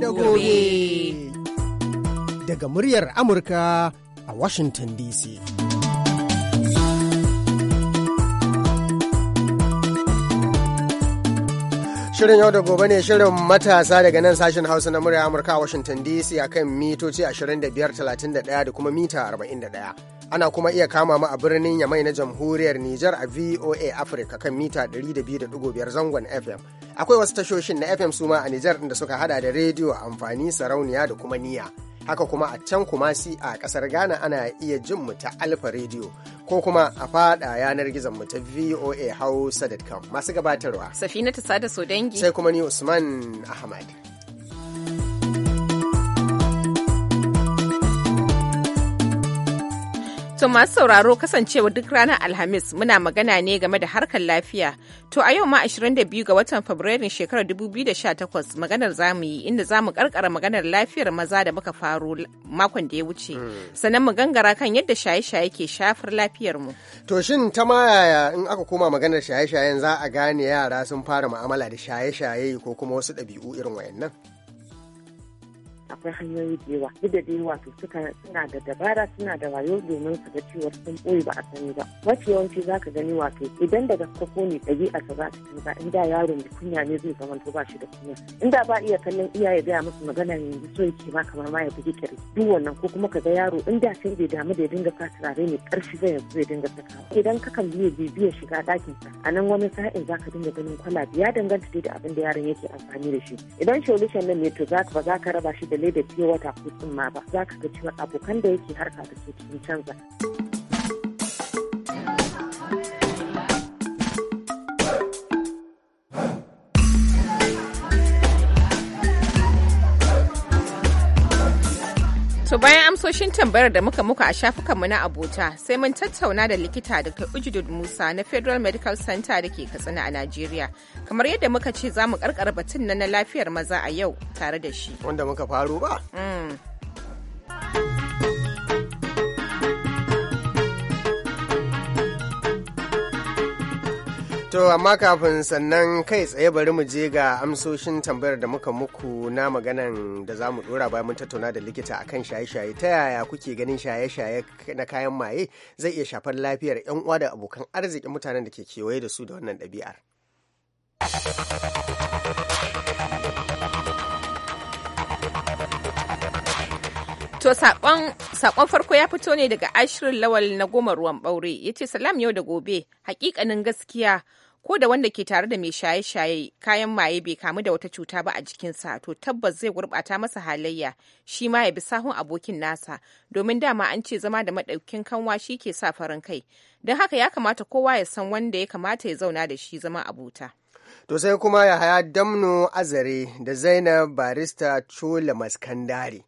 da gobe. Daga muryar Amurka a Washington DC. Shirin yau da gobe ne shirin matasa daga nan sashen Hausa na murya Amurka a Washington DC a kan mitoci 25, 31 da kuma mita 41. ana kuma iya kama mu a birnin yamai na jamhuriyar Nijar a VOA Africa kan mita 200.5 zangon FM. Akwai wasu tashoshin na FM suma a Nijar da suka hada da rediyo amfani sarauniya da kuma niya. Haka kuma a can kuma si a kasar Ghana ana iya jin mu ta Alfa rediyo ko kuma a fada yanar gizon mu ta VOA Hausa.com masu gabatarwa. Safina ta sada so dangi. Sai kuma ni Usman Ahmad. To masu sauraro kasancewa duk ranar Alhamis muna magana ne game da harkar lafiya. To a yau ma 22 ga watan Fabrairun shekarar 2018 maganar zamu yi inda zamu karkara maganar lafiyar maza da muka faro makon da ya wuce. Hmm. Sannan mu gangara kan yadda shaye-shaye ke shafar lafiyar mu. To shin ta ma in aka koma maganar shaye-shayen za a gane yara sun fara mu'amala da shaye-shaye ko kuma wasu ɗabi'u irin wayannan? akwai hanyoyi da yawa duk da dai wato suka suna da dabara suna da wayo domin su ga cewar sun ɓoye ba a sani ba mafi yawanci za ka gani wato idan da ko ne ɗabi'a ka za ta canza in da yaron da kunya ne zai zama to ba shi da kunya in da ba iya kallon iyaye gaya musu magana yanzu so yake ma kamar ma ya bugi kirji duk wannan ko kuma ka ga yaro in da sai bai damu da ya dinga sa turare ne karshe zai zai dinga saka idan ka kan biye bibiyar shiga ɗakinsa a nan wani sa'in za ka dinga ganin kwalabi ya danganta da abin da yaron yake amfani da shi idan sholishan nan ne to za ka ba za ka raba shi da da biyu wata ko ma ba za ka ga cewa abokan da yake harka da su cikin canza. To bayan amsoshin tambayar da muka muka a shafukanmu na abota sai mun tattauna da likita Dr. Ujudud Musa na Federal Medical Center da ke Katsina a Najeriya. Kamar yadda muka ce za mu karkar batun na lafiyar maza a yau tare da shi. Wanda muka faru ba? Mm. To amma kafin sannan kai tsaye bari mu je ga amsoshin tambayar da muka muku na maganan da za mu dora bayan mun tattauna da likita akan shaye-shaye ta yaya kuke ganin shaye-shaye na kayan maye zai iya shafar lafiyar 'yan uwa da abokan arziki mutanen da ke kewaye da su da wannan ɗabi'ar. To sakon farko ya fito ne daga ashirin lawal na goma ruwan ɓaure ya ce salam yau da gobe hakikanin gaskiya ko da wanda ke tare da mai shaye-shaye kayan maye bai kamu da wata cuta ba a jikinsa to tabbas zai gurɓata masa halayya shi ma ya bi sahun abokin nasa domin dama an ce zama da maɗaukin kanwa shi ke sa farin kai don haka ya kamata kowa ya san wanda ya kamata ya zauna da shi zama abota. To sai kuma ya haya Damno Azare da Zainab Barista Chola Maskandari.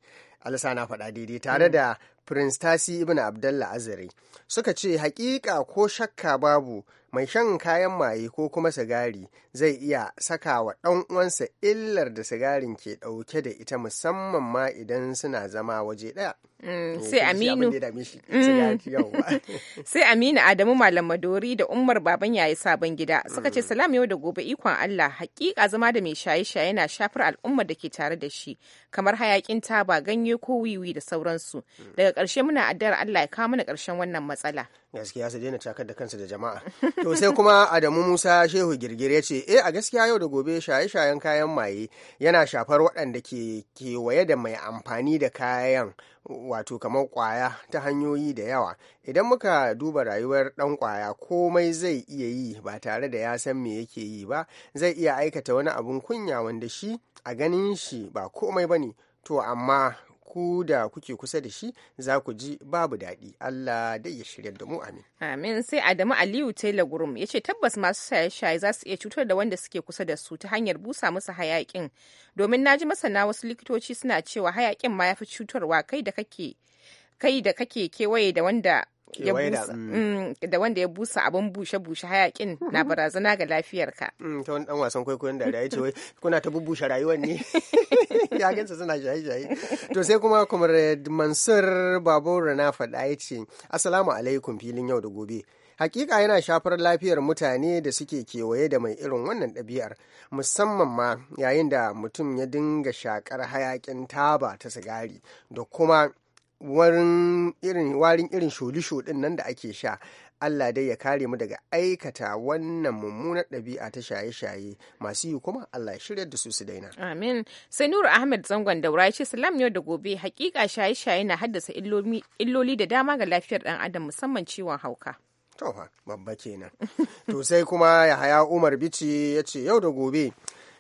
Alisa na faɗa daidai tare mm. da Prince Tasi Ibn Abdallah Azare. Suka ce hakika ko shakka babu mai shan kayan maye ko kuma sigari zai iya saka wa ɗan uwansa illar da sigarin ke ɗauke da ita musamman ma idan suna zama waje ɗaya. Mm, sai aminu mm. sai aminu adamu malam madori da umar baban yayi sabon gida suka ce mm. salam yau da gobe ikon allah hakika zama da mai shaye-shaye na shafar al'ummar da ke tare da shi kamar hayakin taba ganye ko wiwi da sauransu daga ƙarshe muna addu'ar allah ya kawo mana ƙarshen wannan matsala gaskiya su daina cakar da kansu da jama'a to sai kuma adamu musa shehu girgir ya ce eh a gaskiya yau da gobe shaye-shayen kayan maye yana shafar waɗanda ke kewaye da mai amfani da kayan wato kamar kwaya ta hanyoyi da yawa idan muka duba rayuwar dan kwaya komai zai iya yi ba tare da ya san me yake yi ba zai iya aikata wani abun kunya wanda shi a ganin shi ba komai ba ne to amma ku da kuke kusa da shi za ku ji babu daɗi Allah dai ya shirya da mu amin amin sai Adamu Aliyu Taylor Gurum ya ce tabbas masu shaye-shaye za su iya cutar da wanda suke kusa da su ta hanyar busa musu hayakin domin na ji masana wasu likitoci suna cewa hayakin ma ya fi cutarwa kai da kake kai da kake kewaye da wanda ya busa mm, da wanda ya busa abin bushe-bushe hayakin mm-hmm. na barazana ga lafiyarka. Mm, ta wani dan wasan kwaikwayon da ya ce kuna ta bubbushe rayuwar ne ya gansa suna shaye-shaye to sai kuma comrade mansur babura na faɗa ya ce asalamu alaikum filin yau da gobe hakika yana shafar lafiyar mutane da suke kewaye da mai irin wannan ɗabi'ar musamman ma yayin da mutum ya dinga shakar hayakin taba ta sigari da kuma warin irin warin irin nan da ake sha Allah dai ya kare mu daga aikata wannan mummunar ɗabi'a ta shaye-shaye masu yi kuma Allah ya shirya da su su daina. Amin. Sai Nuru Ahmed Zangon Daura ya ce salam yau da gobe hakika shaye-shaye na haddasa illoli da dama ga lafiyar ɗan adam musamman ciwon hauka. To babba kenan. to sai kuma Yahaya Umar Bici ya ce yau da gobe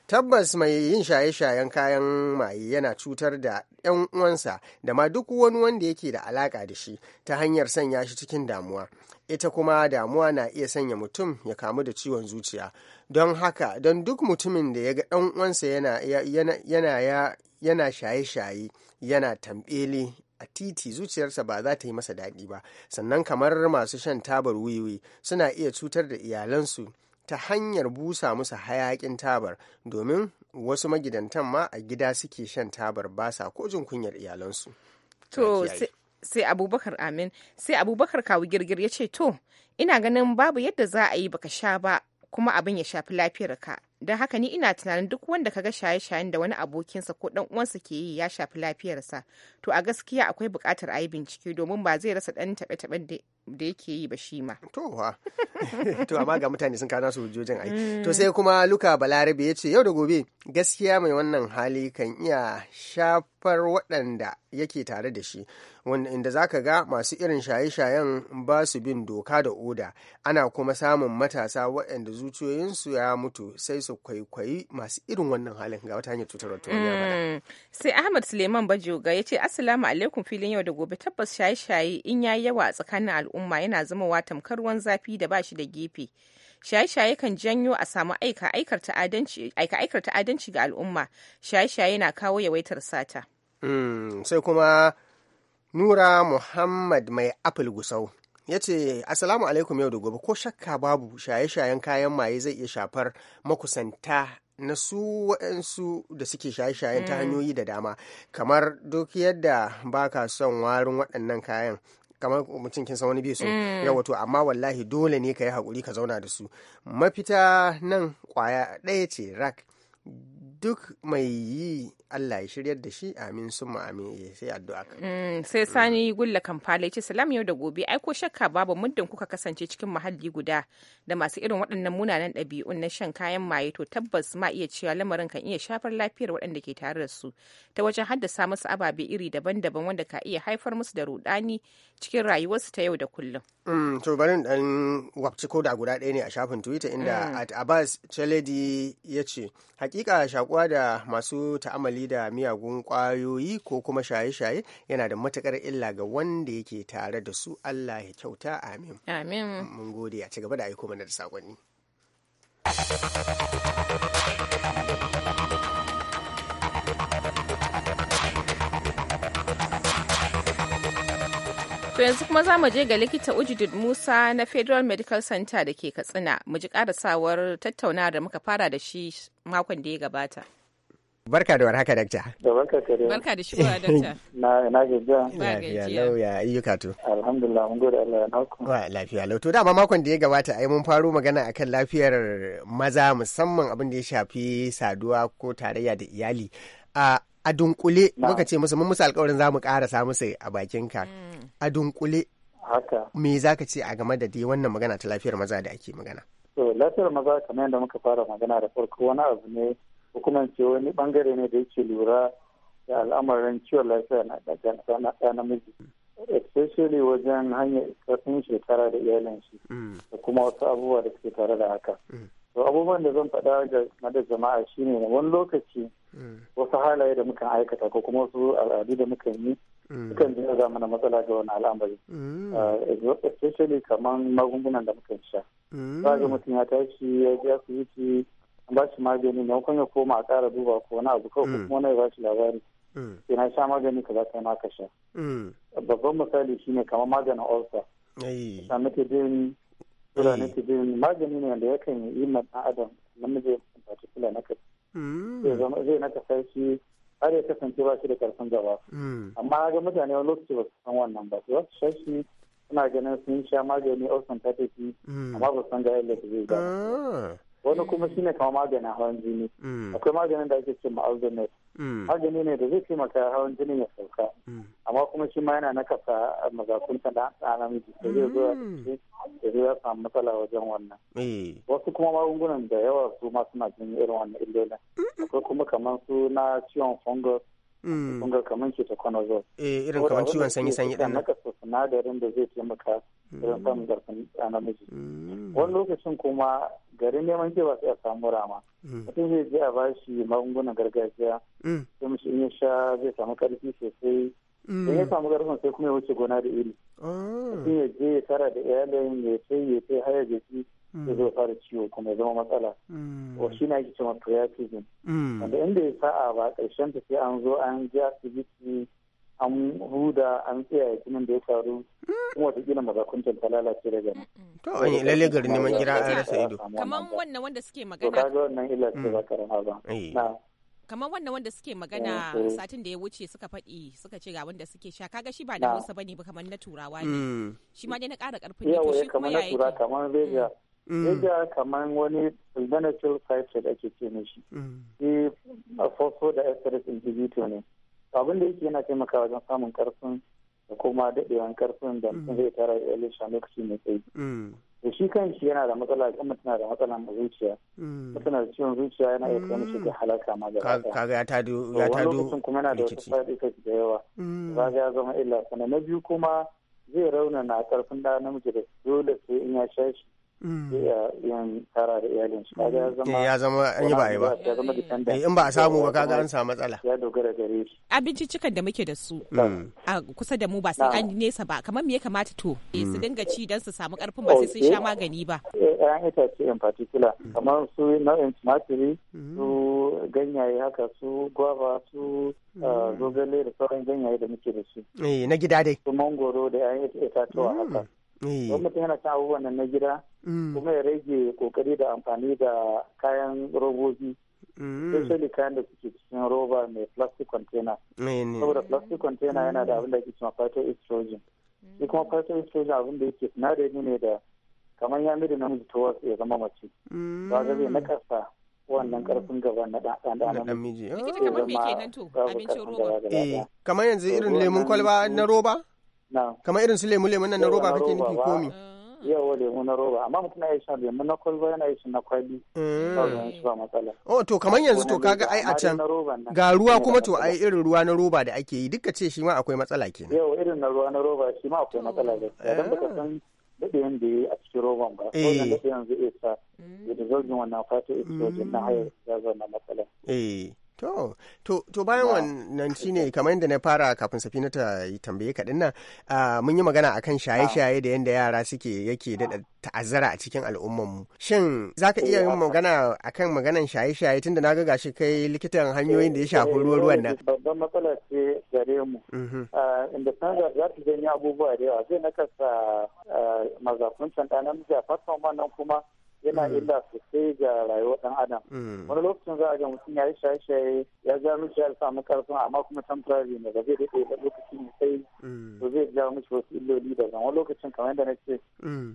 tabbas mai yin shaye-shayen kayan maye yana cutar da 'yan uwansa da ma duk wani wanda yake da alaka da shi ta hanyar sanya shi cikin damuwa ita kuma damuwa na iya sanya mutum ya kamu da ciwon zuciya don haka don duk mutumin da ya ga ɗan uwansa yana, yana shaye-shaye yana tambeli a titi zuciyarsa ba za ta yi masa daɗi ba sannan kamar masu shan tabar wiwi suna iya cutar da iyalansu ta hanyar busa musu hayakin tabar domin wasu magidantan ma a gida suke shan tabar ba sa ko jin kunyar iyalansu. To sai abubakar amin sai abubakar kawu girgir ya ce to ina ganin babu yadda za a yi baka sha ba kuma abin ya shafi lafiyar ka don haka ni ina tunanin duk wanda kaga shaye-shayen da wani abokinsa ko dan uwansa ke yi ya shafi lafiyarsa to a gaskiya akwai bukatar a yi bincike domin ba zai rasa dan taɓe taɓe da yake yi ba shi ma. To to amma ga mutane sun kana su hujjojin ai. Mm. To sai kuma Luka Balarabe ya ce yau da gobe gaskiya mai wannan hali kan iya shafar waɗanda yake tare da shi. Wanda inda za ka ga masu irin shaye-shayen ba su bin doka da oda ana kuma samun matasa waɗanda zuciyoyinsu ya mutu sai su kwaikwayi masu irin wannan halin ga wata hanyar cutar mm. Sai Ahmad Suleiman Bajoga ya ce Assalamu alaikum filin yau da gobe tabbas shaye-shaye in yayi yawa a tsakanin al'umma al'umma yana wa tamkar ruwan zafi da ba shi da gefe shaye-shaye kan janyo a samu aika-aikar ta'adanci ga al'umma shaye-shaye na kawo yawaitar sata hmm, sai kuma nura muhammad mai apple gusau ya ce asalamu alaikum yau da gobe ko shakka babu shaye-shayen kayan maye zai iya shafar makusanta na su waɗansu da suke shaye-shayen ta hmm. hanyoyi da dama kamar duk yadda ba ka son warin waɗannan kayan kamar mutum kin san wani bai so mm. ya to amma wallahi dole ne ka yi hakuri ka zauna da su mafita nan kwaya ɗaya ce rak duk mai yi Allah ya shiryar da shi amin sun amin eh, sai addu'a mm, sai sani gulla kamfala ya salam yau da gobe aiko shakka babu muddin kuka kasance cikin muhalli guda da masu irin waɗannan munanan ɗabi'un na shan kayan maye to tabbas ma iya cewa lamarin kan iya shafar lafiyar waɗanda ke tare da su ta wajen haddasa musu ababe iri daban-daban wanda ka iya haifar musu da rudani cikin rayuwarsu ta yau da kullum. Mm, to bari dan wabci ko da guda ɗaya ne a shafin twitter inda mm. at abbas chaledi ya ce hakika shakuwa da masu ta'amali da miyagun ƙwayoyi ko kuma shaye-shaye yana da matukar illa ga wanda yake tare da su Allah ya kyauta amin amin mun gode a ci gaba da aiko mana da sakonni To yanzu kuma za mu je ga likita Ujidud Musa na Federal Medical Center da ke Katsina mu ji karasawar tattauna da muka fara da shi makon da ya gabata. Barka da warhaka dakta. Da barka ka Barka da shigowa dakta. Na na gajiya. Ba gajiya. Na ya ayyuka to. Alhamdulillah mun gode Allah ya nauku. Wa lafiya lau. To dama makon da ya gabata ai mun faro magana akan lafiyar maza musamman abin da ya shafi saduwa ko tarayya da iyali. A ah, a dunkule muka ce musu mun musu alkawarin za mu karasa musu a bakin ka mm. a dunkule me za ka ce a game da dai wannan magana ta lafiyar maza da ake magana lafiyar maza kamar yadda muka fara magana da farko wani abu ne hukumance wani bangare ne da yake lura da al'amarin ciwon lafiya na ɗa namiji especially wajen hanyar karfin shekara da iyalin shi mm. da kuma wasu abubuwa da suke tare da haka mm. to abubuwan da zan faɗa ga madar jama'a shine ne wani lokaci mm. wasu halaye da mukan aikata ko kuma wasu al'adu da mukan yi mm. sukan jina za mana matsala ga wani al'amari mm. ah, especially kamar magungunan da mukan sha ba ga mutum ya tashi ya ji asibiti an ba shi magani maimakon ya koma a ƙara duba ko wani abu kawai kuma wani ba shi labari ina sha magani kaza kai ma ka sha babban misali shine kamar maganin ulcer Sami Kura eh. na biyu magani ne wanda yakan yi iman ɗan adam namiji in particular na kai. Mm. Zai na kasa shi har ya kasance ba shi da karfin gaba. Mm. Amma ga mutane wani lokaci ba su san wannan ba. Su wasu shashi suna ganin sun sha magani a ta tafi mm. amma ba su san ga yadda zai ba. wani kuma shi ne kama maganin hawan jini mm. akwai maganin da ake ce ma mm. magani ne da zai taimaka hawan jini ya sauka mm. amma kuma shi ma yana nakasa mazakunta da a namiji da zai zo da zai samu matsala wajen wannan eh. wasu kuma magungunan da yawa su ma suna jin irin wannan illolin akwai kuma kamar su na ciwon fungus fungus kamar eh, ke ta kwanazol irin kamar ciwon sanyi sanyi ɗan Na nakasa sinadarin da zai taimaka irin samun zarfin a namiji wani lokacin kuma garin neman ba sai a samu rama mm. mutum zai je a bashi magungunan gargajiya mm. sai mishi in ya sha zai samu karfi sosai mm. in ya samu karfin sai kuma ya wuce gona da iri oh. mutum ya je ya tara da iyalin ya ce ya ce haya ya ci ya zo fara ciwo kuma ya zama matsala ko shi na ake cewa priapism wanda inda ya sa'a ba ƙarshen ta sai an zo an je asibiti an huda an tsaya ya kinan da ya faru kuma watakila magakuncin ta lalace da gani. To an yi lalle gari neman gira an rasa ido. Kamar wannan wanda suke magana. To kaga wannan illa ce mm. ba karama ba. Eh. Kamar wannan wanda suke magana eh, satin da ya wuce suka faɗi suka ce ga wanda suke sha kaga shi ba da Hausa bane ba kamar na Turawa ne. Mm. Shi ma dai na ƙara ƙarfin to shi kuma ya yi. kamar Veja. Veja kamar wani vulnerable site da ake ce mishi. Mm. Shi a fosfo da esteris individual ne. abin da yake yana taimakawa wajen samun karfin da kuma daɗewan karfin da mutum zai tara ya lisha lokaci mai tsayi da mm. shi kan shi yana da matsala kan mutum da matsala a zuciya mm. mutum da ciwon zuciya yana iya kai mishi ga mm. halaka ma da kaga ya tado ya tado lokacin kuma yana da wasu faɗi effects da yawa kaga ya zama illa sana na biyu kuma zai raunana karfin da namiji da dole sai in ya sha shi Mm. iya yin tara da iyalin su kaga ya zama eh, ya zama an yi ba yi ba eh, in ba a samu ba kaga an samu matsala ya dogara gare shi da muke da su mm. a kusa da mu ba sai an nesa ba kamar me ya kamata to eh, su mm. dinga ci dan su samu karfin ba sai sun sha oh, magani ba an itace in particular kamar su nau'in tumatiri su ganyaye haka su gwaba su ah, zogale da sauran ganyaye da muke da su na gida dai su mangoro da 'ya'yan itatuwa haka don mutum yana cin abubuwan nan na gida Mm. kuma ya rage kokari da amfani da kayan robobi mm. especially kayan da suke cikin roba mai plastic container saboda plastic container yana da abin da ake cewa phytoestrogen shi kuma phytoestrogen mm. abin da yake sinadari ne da kamar ya miri namiji ta wasu ya zama mace ba zai na kasa wannan karfin gaba na dan dan namiji ita ah. kamar me kenan to abincin roba eh kamar yanzu irin lemun kwalba na roba kamar irin su lemu lemun nan na roba kake nufi komi yawa lemu na roba amma mutum ya shan lemu na kwalba yana shan na kwali mm. ba matsala oh to kamar yanzu to kaga ai a can ga ruwa kuma to ai irin ruwa na roba da ake yi duka ce shi ma akwai matsala kenan yawa irin na ruwa na roba shi ma akwai matsala mm. gaskiya dan baka san daɗewan da ya yi a cikin roban ba ko eh. yanzu daɗewan zai isa da zargin wannan fato mm. estrogen na hayar ya na matsala eh To, to, to bayan wannan shi ne kamar yadda na fara kafin safina ta yi tambaye nan uh, mun yi magana akan shaye-shaye da yadda yara suke yake daɗa ta'azzara a cikin al'ummanmu. Shin za ka iya yin magana akan maganan shaye-shaye tun da na ga gashi kai likitan hanyoyin da ya shafi eh, ruwa-ruwan nan. Babban matsala ce gare mu. Mm-hmm. Inda san za ta janyo abubuwa da yawa zai na mazakuncin ɗan namiji a farkon wannan kuma yana mm. illa sosai ga rayuwar dan adam mm. wani lokacin za a ga mutum ya yi shaye-shaye ya ja mishi ya samu karfin amma kuma temporary ne ba zai daɗe ba lokaci ne sai mm. to zai ja mishi wasu illoli daban wani lokacin kamar yadda na ce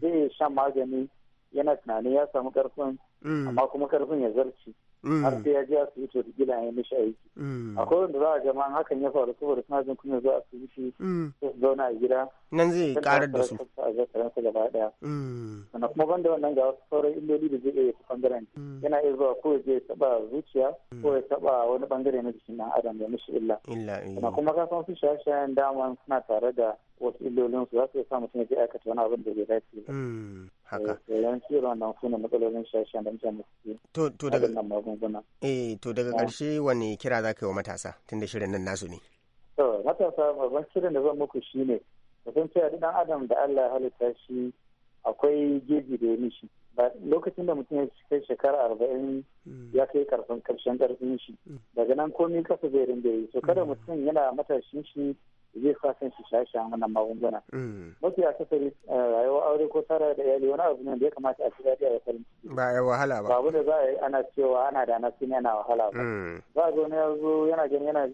zai shan magani yana tunanin ya samu karfin mm. amma kuma karfin ya zarci mm. har sai ya je asibiti wata gila ya mishi aiki mm. akwai wanda za a ga ma hakan ya faru saboda suna jin kunya zuwa asibiti su zauna a gida nan zai karar da su a zakaran su gaba daya sannan kuma banda wannan ga wasu sauran illoli da zai iya ta bangaren yana iya zuwa ko zai taba zuciya ko ya taba wani bangare na jikin dan adam ya mishi illa sannan kuma ka san su shaye-shayen daman suna tare da wasu illolin su za su sa mutum ya aikata wani abin da bai dace ba. Hmm, haka. Eh, Yayin ciwon wannan su ne matsalolin shashen da mutane su To to daga magunguna. Eh to daga ah. ƙarshe wani kira za ka yi wa matasa tun da shirin nan nasu ne. To matasa babban shirin da zan muku shi ne mutum cewa duk ɗan adam da Allah ya halitta shi akwai geji da ya Ba lokacin da mutum ya kai shekara arba'in hmm. ya kai karfin karshen karfin shi hmm. daga nan komi kasa zai rinda yi so kada mutum yana matashin shi zai sa kan shi shaye-shayen wannan magunguna. Mm. Mafi akasari eh, rayuwar aure ko tara da iyali wani abu ne da ya kamata a ci daɗi a ya ciki. Ba ya wahala ba. Babu da za a yi ana cewa ana da na sun yana wahala ba. Mm. Za a zo ne ya zo yana gani yana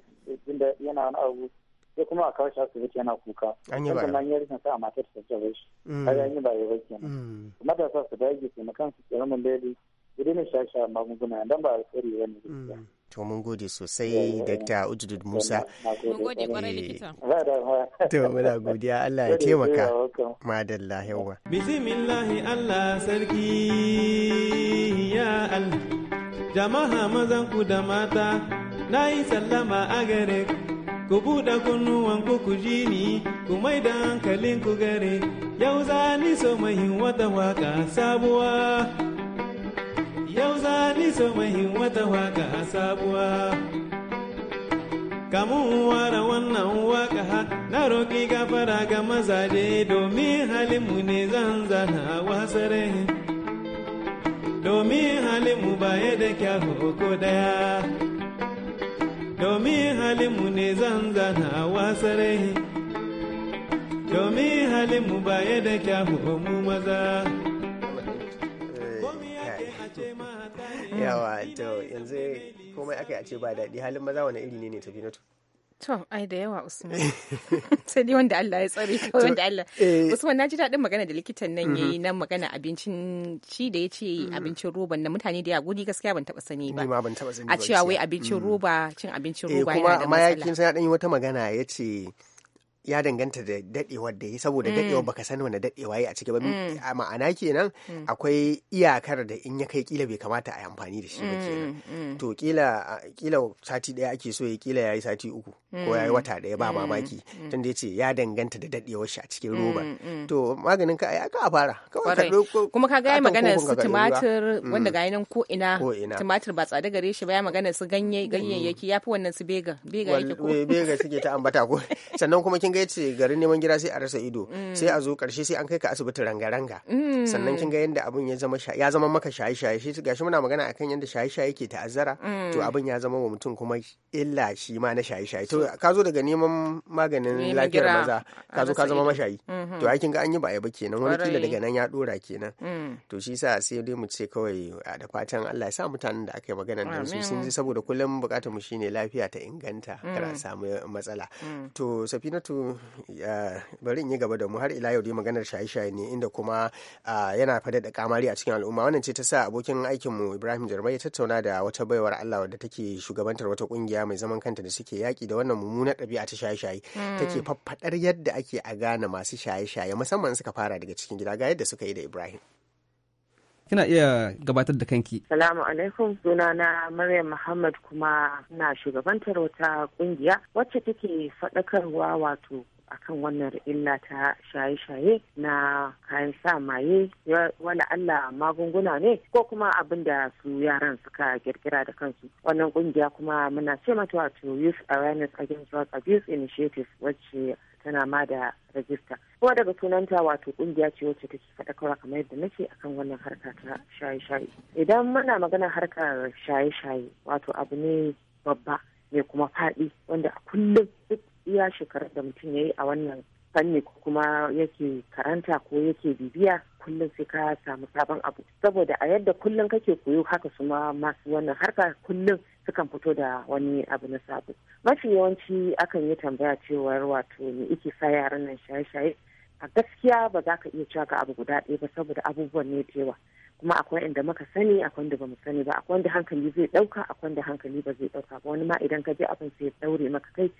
jin da yana wani abu sai kuma a kawo shi asibiti yana kuka. An yi ba. Sannan ya rikin sa a matar ta bai shi. Mm. Kaga an yi ba ya ba kenan. Matasa su dage su na kansu tsirin mun daidai. Idan shaye-shayen magunguna dan ba ba ne. To mun gode sosai dakta Ujdud Musa. Mun gode To Allah ya taimaka. Madalla yawa. Bismillahi Allah sarki ya Allah. Jama'a mazan ku da mata na yi sallama a gare ku buɗe kunnuwan ku ku ji ni ku mai da hankalin ku gare yau za ni so mahin wata waka sabuwa. yau zani so mahin wata waka sabuwa kamun ware wannan waka ha, na roƙi gafara ga mazaje domin halinmu ne zanza na wasare domin halinmu ba yadda kyawu ko daya domin halinmu ne zanza na wasare domin halinmu ba yadda kyawu mu maza. yawa to yanzu komai aka yi a ce ba daɗi halin maza wani iri ne ne tafi na To, ai da yawa Usman. Sai dai wanda Allah ya tsare kawai wanda Allah. Eh. Usman na ji daɗin magana da likitan nan yayi mm-hmm. na magana abincin ci da ya ce mm-hmm. abincin roba na mutane da ya gudi gaskiya ban taɓa sani ba. Ni ma ban sani A cewa wai abincin mm-hmm. roba cin abincin roba eh, yana da matsala. Kuma amma ya kin ya ɗan yi wata magana ya ce ya danganta da dadewar da ya saboda mm. dadewar baka san wani dadewa ya a ciki ba mm. a ma'ana kenan mm. akwai iyakar da in ya kai kila bai kamata a yi amfani da shi ba kenan to kila kila sati daya ake so ya kila yayi sati uku ko ya yi wata daya ba mamaki tun da ce ya danganta da dadewar shi a cikin roba to maganin ka ya ka fara kuma ka ga magana su tumatir wanda ga nan ko ina tumatir ba tsada gare shi ba ya magana su ganyayyaki ya fi wannan su bega bega yake ko bega suke ta ambata ko sannan kuma kin kin ga yace garin neman gida sai a rasa ido mm. sai a zo karshe sai an kai ka asibiti ranga-ranga mm. sannan kin ga yadda abun ya zama ya zama maka shaye-shaye shi gashi muna magana akan yadda shaye-shaye ke ta'azzara mm. to abin ya zama wa mutum kuma illa shi ma na shaye-shaye to ka zo daga neman maganin lafiyar maza ka zo ka zama mashayi mm-hmm. to ai kin ga an yi ba ba kenan wani kila daga nan ya dora kenan to shi sa sai dai mu ce kawai da fatan Allah ya sa mutanen da aka yi magana da su sun ji saboda kullum bukatar mu shine lafiya ta inganta kar a samu matsala to safinatu bari in yi gaba da mu har ila yau dai maganar shaye-shaye ne inda kuma yana fada da kamari a cikin al'umma wannan ce ta sa abokin aikin mu Ibrahim Jarmai ya tattauna da wata baiwar Allah wadda take shugabantar wata kungiya mai zaman kanta da suke yaki da wannan mummunar ɗabi'a ta shaye-shaye hmm. take faffadar yadda ake a gane masu shaye-shaye musamman suka fara daga cikin gida ga yadda suka yi da Ibrahim. kina iya gabatar da kanki. Salamu alaikum sunana Maryam Muhammad kuma na shugabantar wata kungiya wacce take faɗakarwa wato akan wannan illa ta shaye-shaye na kayan sa maye wani Allah magunguna ne ko kuma abin da su yaran suka kirkira da kansu wannan kungiya kuma muna ce mata wato Youth Awareness Against Drug Abuse Initiative wacce tana ma da rajista kuma daga sunanta wato kungiya ce wacce take faɗakarwa kamar yadda nake akan wannan harka ta shaye-shaye idan muna magana harkar shaye-shaye wato abu ne babba mai kuma faɗi wanda a kullum duk iya shekarar da mutum ya yi a wannan fanni ko kuma yake karanta ko yake bibiya kullum sai ka samu sabon abu saboda a yadda kullum kake koyo haka su ma masu wannan harka kullum sukan fito da wani abu na sabo mafi yawanci akan yi tambaya cewar wato ne ike sa yaran nan shaye-shaye a gaskiya ba za ka iya cewa ga abu guda ɗaya ba saboda abubuwan ne da yawa kuma akwai inda muka sani akwai inda bamu sani ba akwai inda hankali zai ɗauka akwai inda hankali ba zai ɗauka ba wani ma idan ka je abin sai ya ɗaure maka kai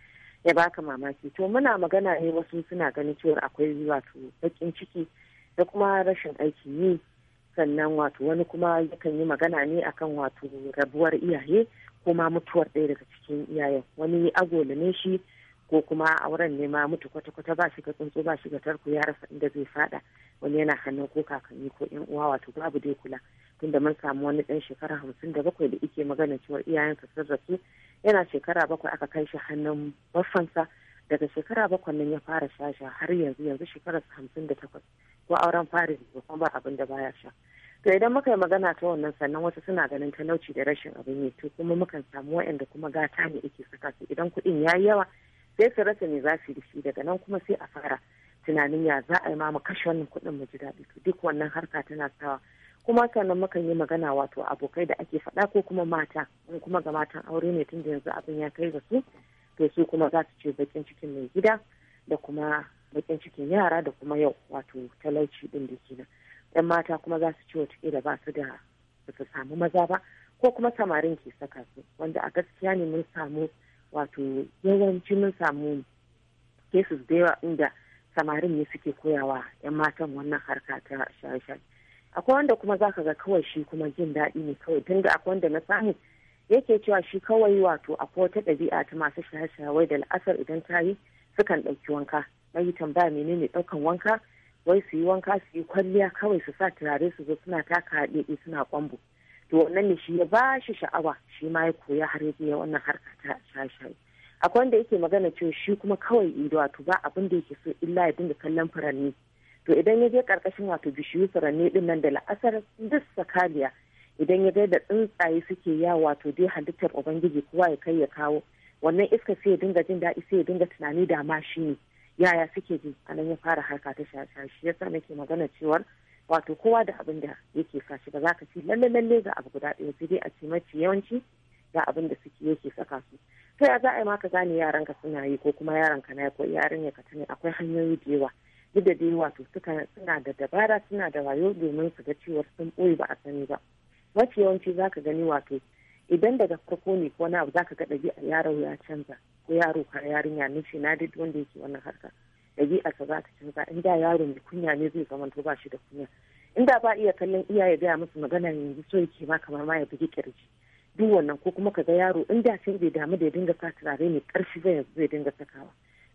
ya baka mamaki to muna magana ne wasu suna ganin cewa akwai wato baƙin ciki da kuma rashin aiki yi sannan wato wani kuma yakan yi magana ne akan wato rabuwar iyaye ko mutuwar ɗaya daga cikin iyayen wani agola ne shi ko kuma auren ne ma mutu kwata-kwata ba shi ga tsuntsu ba shi ga tarko ya rasa inda zai faɗa wani yana hannun ko kakanni ko yan uwa wato babu dai kula tunda mun samu wani ɗan shekara hamsin da bakwai da ike magana cewa iyayensa sun rasu yana shekara bakwai aka kai shi hannun baffansa daga shekara bakwai nan ya fara sha har yanzu yanzu shekarar hamsin da takwas ko auren faris ba kuma ba abin da baya sha to idan muka yi magana ta wannan sannan wasu suna ganin talauci da rashin abin yi to kuma mukan samu wa'anda kuma gata ne ake saka su idan kuɗin ya yi yawa sai su rasa me za su da shi daga nan kuma sai a fara tunanin ya za a yi ma mu kashe wannan kuɗin mu ji daɗi to duk wannan harka tana sawa kuma sannan mukan yi magana wato abokai da ake faɗa ko kuma mata in kuma ga matan aure ne tun da yanzu abin ya kai ga su to su kuma za su ce bakin cikin mai gida da kuma bakin cikin yara da kuma yau wato talauci ɗin da kenan 'yan mata kuma za su ci wata ba su da ba su samu maza ba ko kuma samarin ke saka su wanda a gaskiya ne mun samu wato yawanci mun samu cases da yawa inda samarin ne suke koyawa 'yan matan wannan harka ta shaye-shaye akwai wanda kuma za ka ga kawai shi kuma jin daɗi ne kawai tun da akwai wanda na samu yake cewa shi kawai wato akwai wata ɗabi'a ta masu shaye-shaye da la'asar idan ta yi sukan ɗauki wanka na yi tambaya menene ɗaukan wanka wai su yi wanka su yi kwalliya kawai su sa turare su zo suna taka haɗe suna kwambo to wannan ne shi ya ba shi sha'awa shi ma ya koya har ya wannan harka ta shaye akwai wanda yake magana cewa shi kuma kawai ido wato ba abin da yake so illa ya dinga kallon furanni to idan ya je karkashin wato bishiyu furanni din nan da la'asar duk sakaliya idan ya ga da tsuntsaye suke ya wato dai halittar ubangiji kowa ya kai ya kawo wannan iska sai ya dinga jin daɗi sai ya dinga tunani da ma shi ne yaya suke ji a nan ya fara harka ta shaye shi yasa nake magana cewar wato kowa da abin da yake sa shi ba za ka ci lalle lalle ga abu guda ɗaya sai dai a ce mace yawanci ga abin da suke yake saka su ta ya za a yi maka gane yaran ka suna yi ko kuma yaran ka na ko yaran ka ne akwai hanyoyi da yawa duk da dai wato suna da dabara suna da wayo domin su ga cewar sun ɓoye ba a sani ba mace yawanci za ka gani wato idan daga farko ne ko na abu zaka ga ɗabi'a yaro ya canza ko yaro ka yarinya ne shi na duk wanda yake wannan harka a sa za ta canza in da yaro mai kunya ne zai zama to ba shi da kunya in da ba iya kallon iyaye gaya musu magana yanzu so ke ma kamar ma ya bugi kirji duk wannan ko kuma ka ga yaro in da sai bai damu da ya dinga sa turare mai ƙarfi zai zai dinga sakawa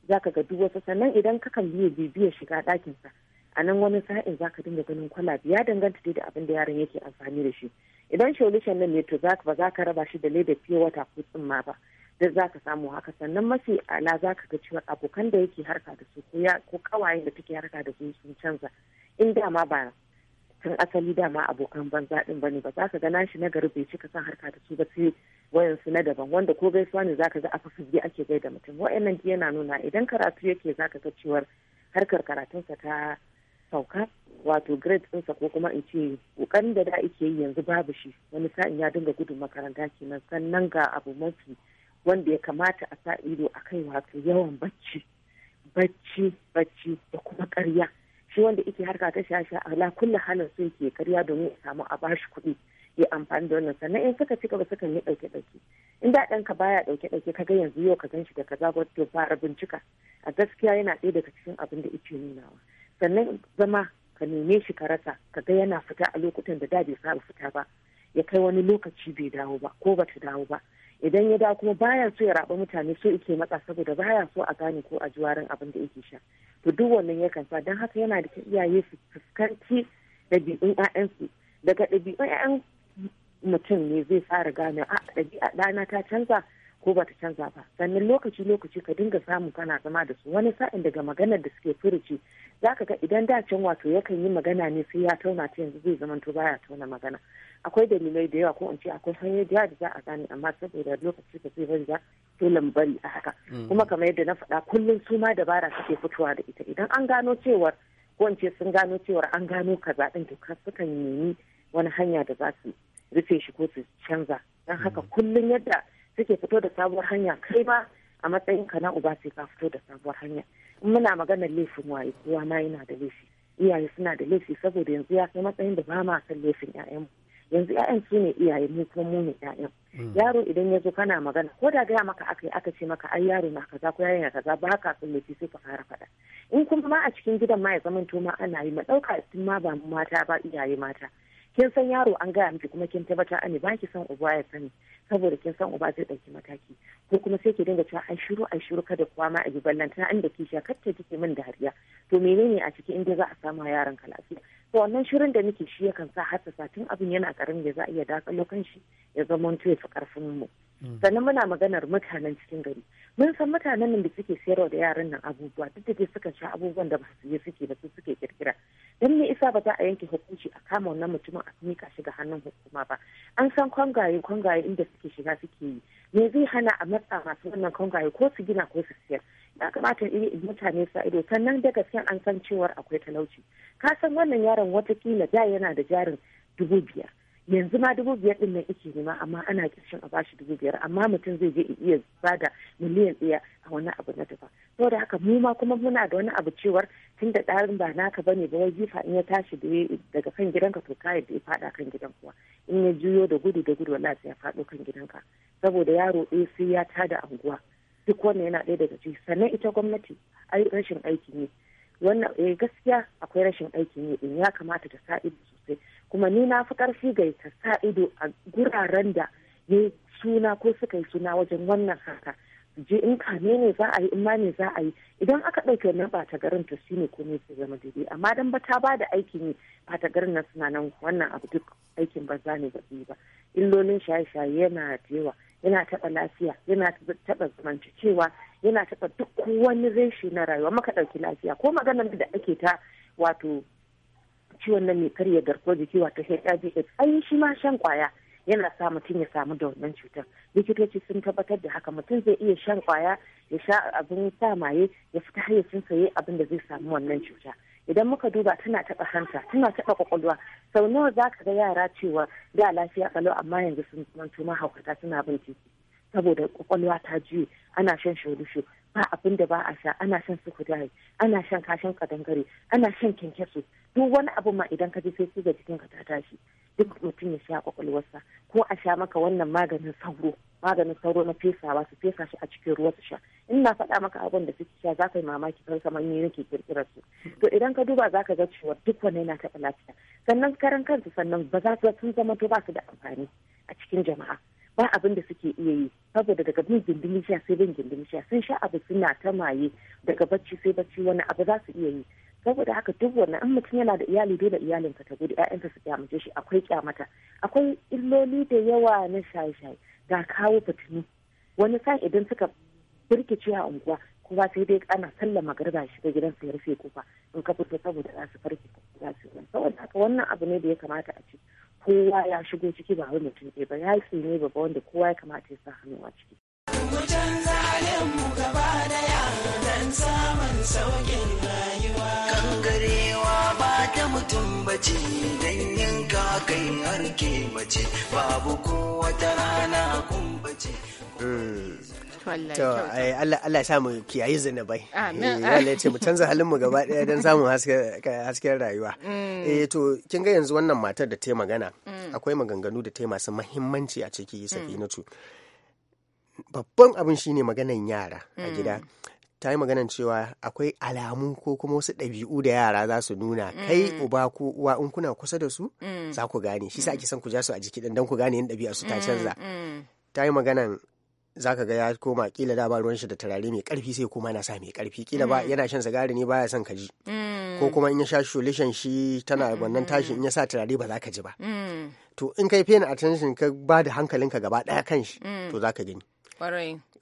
zaka ga duk wasu sannan idan ka kalli biye bibiyar shiga dakin sa a nan wani sa'in zaka dinga ganin kwalabi ya danganta dai da abin da yaron yake amfani da shi idan solution nan ne to ba za ka raba shi da leda fiye wata ko tsimma ba duk za ka samu haka sannan mafi ala za ka ga cewa abokan da yake harka da su ko ko kawayen da take harka da su sun canza in dama ba tun asali dama abokan banza din bane ba za ka ga nashi na gari bai cika san harka da su ba sai wayan su na daban wanda ko gaisuwa ne za ka ga afa fizge ake gaida mutum wayannan yana nuna idan karatu yake za ka ga cewar harkar karatunsa ta sauka wato grade ɗinsa ko kuma in ce ƙoƙarin da da ake yi yanzu babu shi wani sa'in ya dinga gudun makaranta kenan sannan ga abu mafi wanda ya kamata a sa ido a kai wato yawan bacci bacci bacci da kuma karya shi wanda yake harka ta shasha ala lakulla halin su yake ƙarya domin ya samu a bashi kuɗi ya amfani da wannan sannan in suka ci gaba sukan yi ɗauke ɗauke in da ɗanka baya ɗauke ɗauke ka ga yanzu yau ka ganshi da kaza wato fara bincika a gaskiya yana ɗaya daga cikin abin da yake nunawa sannan zama ka neme shi ka rasa ka ga yana fita a lokutan da da bai saba fita ba ya kai wani lokaci bai dawo ba ko bata dawo ba idan ya dawo kuma baya so ya raba mutane so yake matsa saboda baya so a gane ko a juwarin abin da yake sha to duk wannan yakan sa don haka yana da iyaye su fuskanci ɗabi'un ƴaƴansu daga ɗabi'un ƴaƴan mutum ne zai fara gane a ɗabi'a ɗana ta canza ko ba ta canza ba sannan lokaci lokaci ka dinga samu kana zama da su wani sa'in daga maganar da suke furuci za ka ga idan da can wato yakan yi magana ne sai ya tauna ta yanzu zai zamanto baya tauna magana akwai dalilai da yawa ko in ce akwai hanyoyi da da za a gane amma saboda lokaci ka zai bari to lambari bari a haka mm. kuma kamar yadda na faɗa kullum su ma dabara suke fitowa da ita idan an gano cewar ko in ce sun gano cewar an gano kaza ɗin to sukan nemi wani hanya da za su rufe shi ko su canza don haka mm. kullum yadda suke fito da sabuwar hanya kai ba a matsayin ka na uba sai ka fito da sabuwar hanya in muna maganar laifin waye kowa ma yana da laifi iyaye suna da laifi saboda yanzu ya kai matsayin da ba ma san laifin ƴaƴanmu yanzu ƴaƴan su ne iyaye mu kuma mu ne ƴaƴan mm. yaro idan ya zo kana magana ko da gaya maka aka aka ce maka ai yaro na kaza ko yaro na kaza ba ka san laifi sai ka fara faɗa in kuma ma a cikin gidan ma ya zamanto ma ana yi ma ɗauka tun ma ba mata ba iyaye mata kin san yaro an gaya miki kuma kin tabbata ani ba ki san uba ya sani saboda kin san uba zai ɗauki mataki ko kuma sai ki dinga cewa ai shiru ai shiru kada kuwa ma a ji ballanta inda da sha katta kike min da dariya to menene a ciki inda za a samu yaron ka lafiya to wannan shirin da nake shi yakan sa hassasa tun abin yana karin da za a iya dakalo kan shi ya zama ya fi karfin mu sannan muna maganar mutanen cikin gari mun san mutanen nan da suke sayarwa da yaran nan abubuwa duk da dai suka sha abubuwan da ba su yi suke da su suke kirkira dan ne isa ba za a yanke hukunci a kama wannan mutumin a mika shi ga hannun hukuma ba an san kwangaye kwangaye inda suke shiga suke yi me zai hana a matsa masu wannan kwangaye ko su gina ko su siyar ya kamata mutane sa ido sannan da gaskiya an san cewar akwai talauci ka san wannan yaron watakila da yana da jarin dubu biyar yanzu ma dubu biyar din nan ike nema amma ana kishin a bashi dubu biyar amma mutum zai je iya da miliyan ɗaya a wani abu na daban saboda haka mu ma kuma muna da wani abu cewar tun da tsarin ba naka ne ba wai jifa in ya tashi daga kan gidanka to ka yadda ya fada kan gidan kuwa in ya juyo da gudu da gudu wala sai ya faɗo kan gidanka saboda yaro ɗaya sai ya tada anguwa duk wannan yana ɗaya daga ciki sannan ita gwamnati ai rashin aiki ne wannan eh gaskiya akwai rashin aiki ne in ya kamata ta sa sosai kuma ni na fi ƙarfi ga ta sa ido a guraren da ya suna ko suka yi suna wajen wannan haka je in kame ne za a yi in ma ne za a yi idan aka ɗauke wannan ɓata garin to shi ne su zama daidai amma dan ba ta bada aiki ne ɓata garin nan suna nan wannan abu duk aikin ba za ne ba ba illolin shaye-shaye yana yawa yana taɓa lafiya yana taɓa zamantakewa yana taɓa duk wani reshe na rayuwa maka ɗauki lafiya ko maganar da ake ta wato ciwon nan mai karya garkuwar jiki wato HIV ai shi ma shan kwaya yana sa mutum ya samu da wannan cutar likitoci sun tabbatar da haka mutum zai iya shan kwaya ya sha abin sa maye ya fita hayyacin saye abin da zai samu wannan cuta idan muka duba tana taɓa hanta tana taɓa kwakwalwa sau nawa za ka ga yara cewa da lafiya kalau amma yanzu sun zama mahaukata suna bin saboda kwakwalwa ta juye ana shan sholusho ba abin da ba a sha ana shan su kudari ana shan kashin kadangare ana shan kyankyaso duk wani abu ma idan ka ji sai su ga jikin ka ta tashi duk mutum ya sha kwakwalwarsa ko a sha maka wannan maganin sauro maganin sauro na fesawa su fesa shi a cikin ruwa su sha in na faɗa maka abin da suke sha za ka yi mamaki kan saman ni nake kirkirar su to idan ka duba za ka ga cewa duk wani yana taɓa lafiya sannan karan kansu sannan ba za su sun zama to ba su da amfani a cikin jama'a ba abin da suke iya yi saboda daga bin gindin sha sai bin gindin sha sun sha abu suna ta maye daga bacci sai bacci wani abu za su iya yi saboda haka duk wannan an mutum yana da iyali dole iyalin ka ta gudu ƴaƴanka su kyamace shi akwai kyamata akwai illoli da yawa na shaye-shaye ga kawo fitini wani sa idan suka birkice a unguwa kuma sai dai ana sallama magarba shi da gidan ya rufe kofa in ka fito saboda za su farke za su saboda haka wannan abu ne da ya kamata a ce kowa ya shigo ciki ba wai mutum ɗaya ba yaƙi ne babba wanda kowa ya kamata ya sa hannu a ciki. Wajen zalin mu gaba daya don samun sauƙin rayuwa. Kangarewa ba ta mutum bace dan yanka kai harke ke mace babu ko wata rana kun bace. Eh. to Allah ya sa mu kiyayi zinabai eh, Allah ya ce mu canza halin mu gaba daya don samun hasken rayuwa mm. eh to kin ga yanzu wannan matar da ta magana mm. akwai maganganu da ta yi masu mahimmanci a ciki mm. Safinatu babban abin shine maganan yara a gida ta yi maganan cewa akwai alamu ko kuma wasu ɗabi'u da yara za su nuna kai uba ko uwa in kuna kusa da su za ku gane shi sa ake son ku ja su a jiki dan ku gane yin ɗabi'a su ta canza ta yi maganan za ka ga ya koma kila da ba ruwan shi da turare mai karfi sai koma yana sa mai karfi kila ba mm. yana shan sigari ne baya son ka ji mm. ko kuma in ya sha solution shi tana mm. wannan tashi in ya sa turare ba za ka ji ba to in kai paying attention ka ba da hankalinka gaba daya kan shi to za gani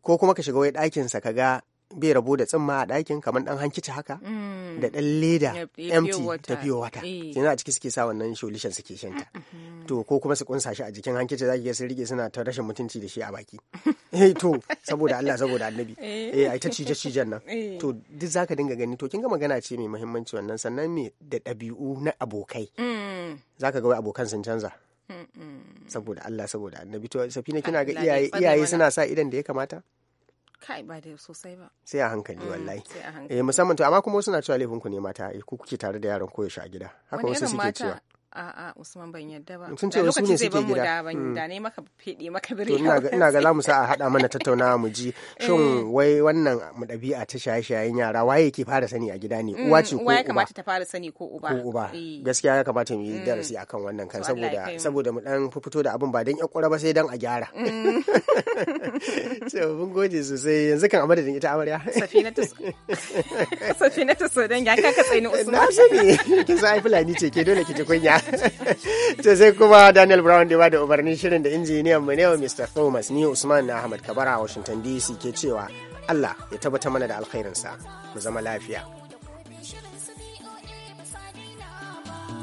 ko kuma ka shiga wai ɗakin sa ka ga bai rabo da tsimma a ɗakin kamar ɗan ta haka mm. da ɗan leda empty ta biyo wata yana eh. a ciki suke sa wannan sholishan suke shanta mm-hmm. to ko kuma su kunsa shi a jikin ta zaki ga sun rike suna ta rashin mutunci da shi a baki eh to saboda Allah saboda Annabi eh. eh ai ta cije cijen nan eh. to duk zaka dinga gani to kin ga magana ce mai muhimmanci wannan sannan me da ɗabi'u na abokai mm. zaka ga wai abokan sun canza saboda Allah saboda Annabi to safina kina ga iyaye iyaye suna sa idan da ya kamata kai ba da sosai ba sai a hankali mm, wallahi eh musamman to amma kuma suna cewa laifin ku ne mata eh, ku kuke tare da yaran koyaushe a gida haka wasu suke cewa a'a Usman ban yadda ba sun ce wasu ne suke gida hmm. da ne maka fede maka biri ina ga zamu sa a hada mana tattaunawa mu ji shin eh. wai wannan mu dabi'a ta shaye-shayen yara waye yake fara sani a gida ne uwa mm, ce ko uba kamata ta fara sani ko uba ko uba eh. gaskiya ya kamata mu yi mm. darasi akan wannan kan saboda saboda mu dan fito da abin ba dan yakura ba sai dan a gyara mm. so mun gode sosai yanzu kan amadadin ita amarya safinatu safinatu dan ya ka tsaini usman na sani kin sai fulani ce ke dole ki ji kunya to sai kuma daniel brown da da umarnin shirin da injiniyan mu ne mr thomas ni usman na ahmad kabara a washington dc ke cewa allah ya tabbata mana da alkhairinsa mu zama lafiya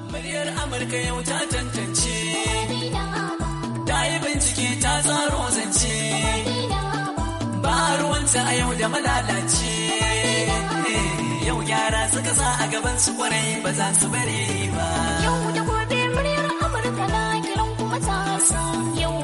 Muryar Amurka yau ta tantance, ta yi bincike ta tsaro zance, ba ruwanta a yau da malalace. Yau gyara suka sa a gaban su kwarai ba za su bari ba. yau